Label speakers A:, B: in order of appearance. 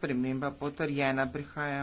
A: sprememba potrjena prihaja.